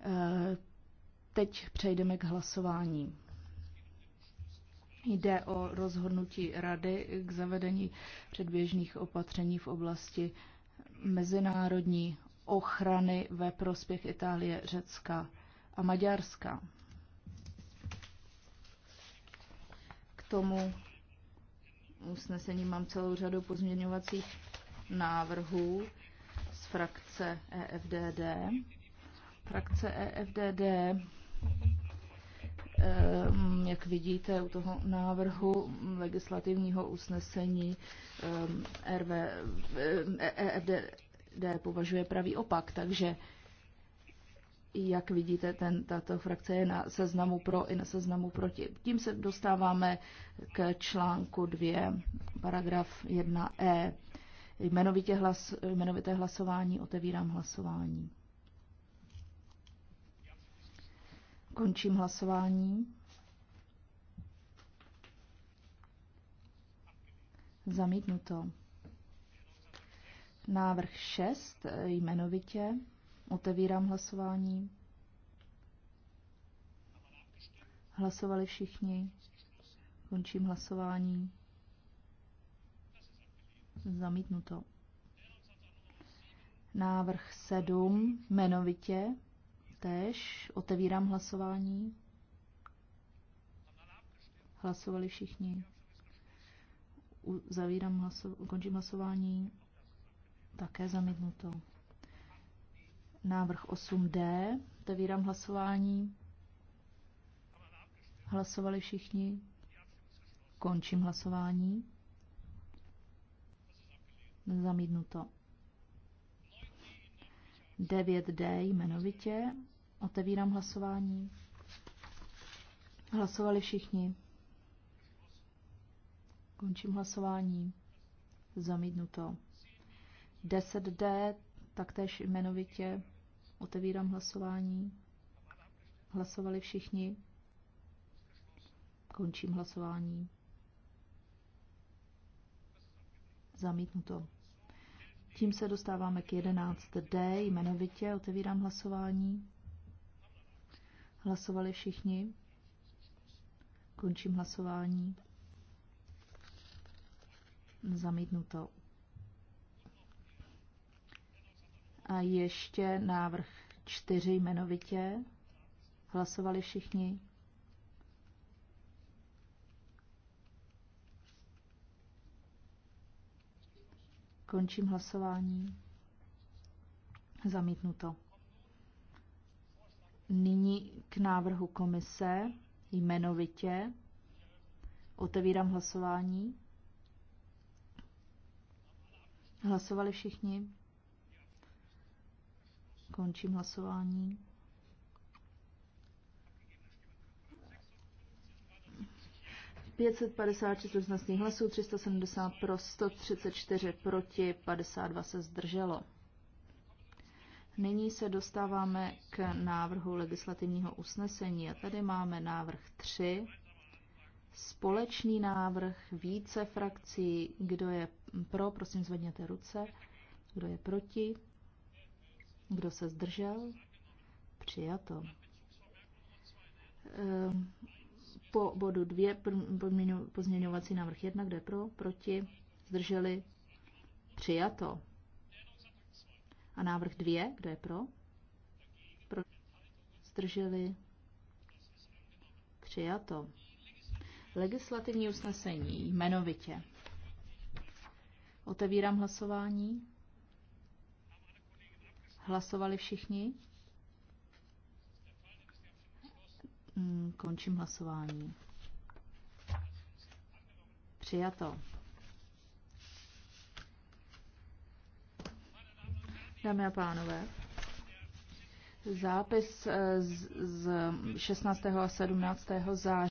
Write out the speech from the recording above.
Eh, teď přejdeme k hlasování. Jde o rozhodnutí Rady k zavedení předběžných opatření v oblasti mezinárodní ochrany ve prospěch Itálie, Řecka a Maďarska. K tomu usnesení mám celou řadu pozměňovacích návrhů z frakce EFDD. Frakce EFDD, ehm, jak vidíte u toho návrhu legislativního usnesení ehm, RV, EFDD ehm, e považuje pravý opak, takže jak vidíte, ten, tato frakce je na seznamu pro i na seznamu proti. Tím se dostáváme k článku 2, paragraf 1e. Jmenovitě hlas, jmenovité hlasování, otevírám hlasování. Končím hlasování. Zamítnuto. Návrh 6 jmenovitě. Otevírám hlasování. Hlasovali všichni. Končím hlasování. Zamítnuto. Návrh 7 jmenovitě tež. Otevírám hlasování. Hlasovali všichni. Zavírám hlaso- končím hlasování. Také zamítnuto. Návrh 8D. Otevírám hlasování. Hlasovali všichni. Končím hlasování. Zamítnuto. 9D jmenovitě. Otevírám hlasování. Hlasovali všichni. Končím hlasování. Zamítnuto. 10D taktéž jmenovitě. Otevírám hlasování. Hlasovali všichni. Končím hlasování. Zamítnuto. Tím se dostáváme k 11D, jmenovitě otevírám hlasování. Hlasovali všichni. Končím hlasování. Zamítnuto. A ještě návrh 4 jmenovitě. Hlasovali všichni. Končím hlasování. Zamítnuto. Nyní k návrhu komise jmenovitě. Otevírám hlasování. Hlasovali všichni? Končím hlasování. 556 různostných hlasů, 370 pro, 134 proti, 52 se zdrželo. Nyní se dostáváme k návrhu legislativního usnesení a tady máme návrh 3, společný návrh více frakcí, kdo je pro, prosím zvedněte ruce, kdo je proti, kdo se zdržel, přijato. Ehm po bodu 2 pozměňovací návrh 1, kde pro, proti, zdrželi, přijato. A návrh 2, kde pro, pro, zdrželi, přijato. Legislativní usnesení jmenovitě. Otevírám hlasování. Hlasovali všichni? Mm, končím hlasování. Přijato. Dámy a pánové, zápis eh, z, z 16. a 17. září.